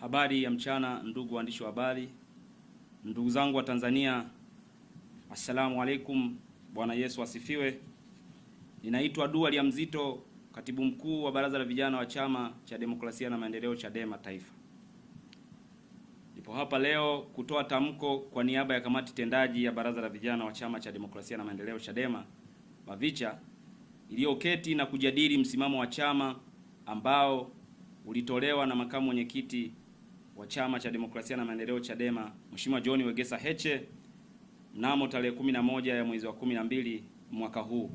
Habari ya mchana, ndugu waandishi wa habari, ndugu zangu wa Tanzania, assalamu alaikum. Bwana Yesu asifiwe. Ninaitwa Dua lya Mzito, katibu mkuu wa baraza la vijana wa Chama cha Demokrasia na Maendeleo, Chadema Taifa. Nipo hapa leo kutoa tamko kwa niaba ya kamati tendaji ya baraza la vijana wa Chama cha Demokrasia na Maendeleo, Chadema BAVICHA, iliyoketi na kujadili msimamo wa chama ambao ulitolewa na makamu mwenyekiti wa Chama cha Demokrasia na Maendeleo Chadema, Mheshimiwa John Wegesa Heche mnamo tarehe 11 ya mwezi wa 12 mwaka huu.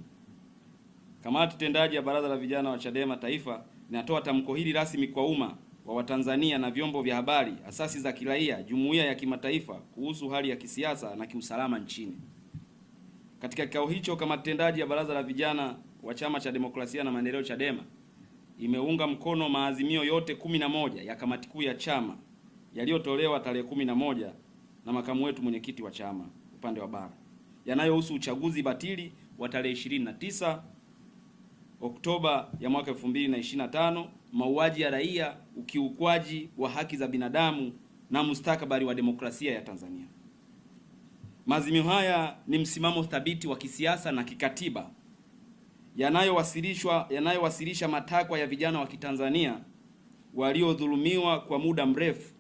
Kamati tendaji ya Baraza la Vijana wa Chadema Taifa inatoa tamko hili rasmi kwa umma wa Watanzania na vyombo vya habari, asasi za kiraia, jumuiya ya kimataifa kuhusu hali ya kisiasa na kiusalama nchini. Katika kikao hicho, kamati tendaji ya Baraza la Vijana wa Chama cha Demokrasia na Maendeleo Chadema imeunga mkono maazimio yote 11 ya kamati kuu ya chama yaliyotolewa tarehe kumi na moja na makamu wetu mwenyekiti wa chama upande wa bara yanayohusu uchaguzi batili wa tarehe 29 Oktoba ya mwaka tano mauaji ya raia, ukiukwaji wa haki za binadamu na mustakabali wa demokrasia ya Tanzania. Maazimio haya ni msimamo thabiti wa kisiasa na kikatiba yanayowasilishwa yanayowasilisha matakwa ya vijana wa Kitanzania waliodhulumiwa kwa muda mrefu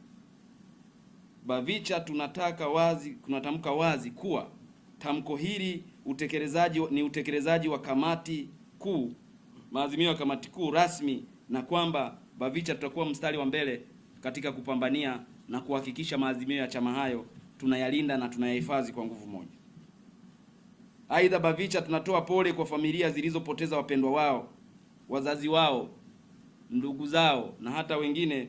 BAVICHA tunataka wazi, tunatamka wazi kuwa tamko hili utekelezaji ni utekelezaji wa kamati kuu, maazimio ya kamati kuu rasmi, na kwamba BAVICHA tutakuwa mstari wa mbele katika kupambania na kuhakikisha maazimio ya chama hayo tunayalinda na tunayahifadhi kwa nguvu moja. Aidha, BAVICHA tunatoa pole kwa familia zilizopoteza wapendwa wao, wazazi wao, ndugu zao na hata wengine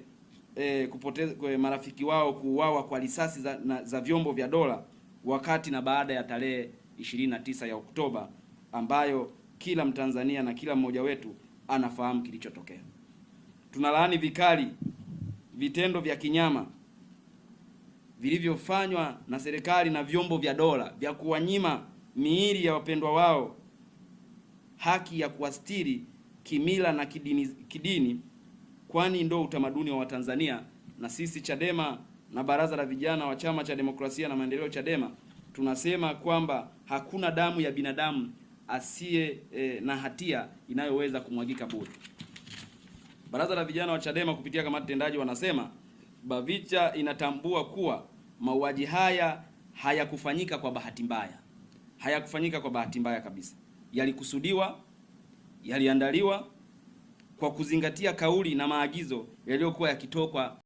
e, eh, kupoteza kwe eh, marafiki wao kuuawa kwa risasi za, na, za vyombo vya dola wakati na baada ya tarehe 29 ya Oktoba ambayo kila Mtanzania na kila mmoja wetu anafahamu kilichotokea. Tunalaani vikali vitendo vya kinyama vilivyofanywa na serikali na vyombo vya dola vya kuwanyima miili ya wapendwa wao haki ya kuwastiri kimila na kidini, kidini kwani ndio utamaduni wa Watanzania, na sisi Chadema na baraza la vijana wa chama cha demokrasia na maendeleo Chadema tunasema kwamba hakuna damu ya binadamu asiye eh, na hatia inayoweza kumwagika bure. Baraza la vijana wa Chadema kupitia kamati tendaji wanasema BAVICHA inatambua kuwa mauaji haya hayakufanyika kwa bahati mbaya, hayakufanyika kwa bahati mbaya kabisa, yalikusudiwa, yaliandaliwa kwa kuzingatia kauli na maagizo yaliyokuwa yakitokwa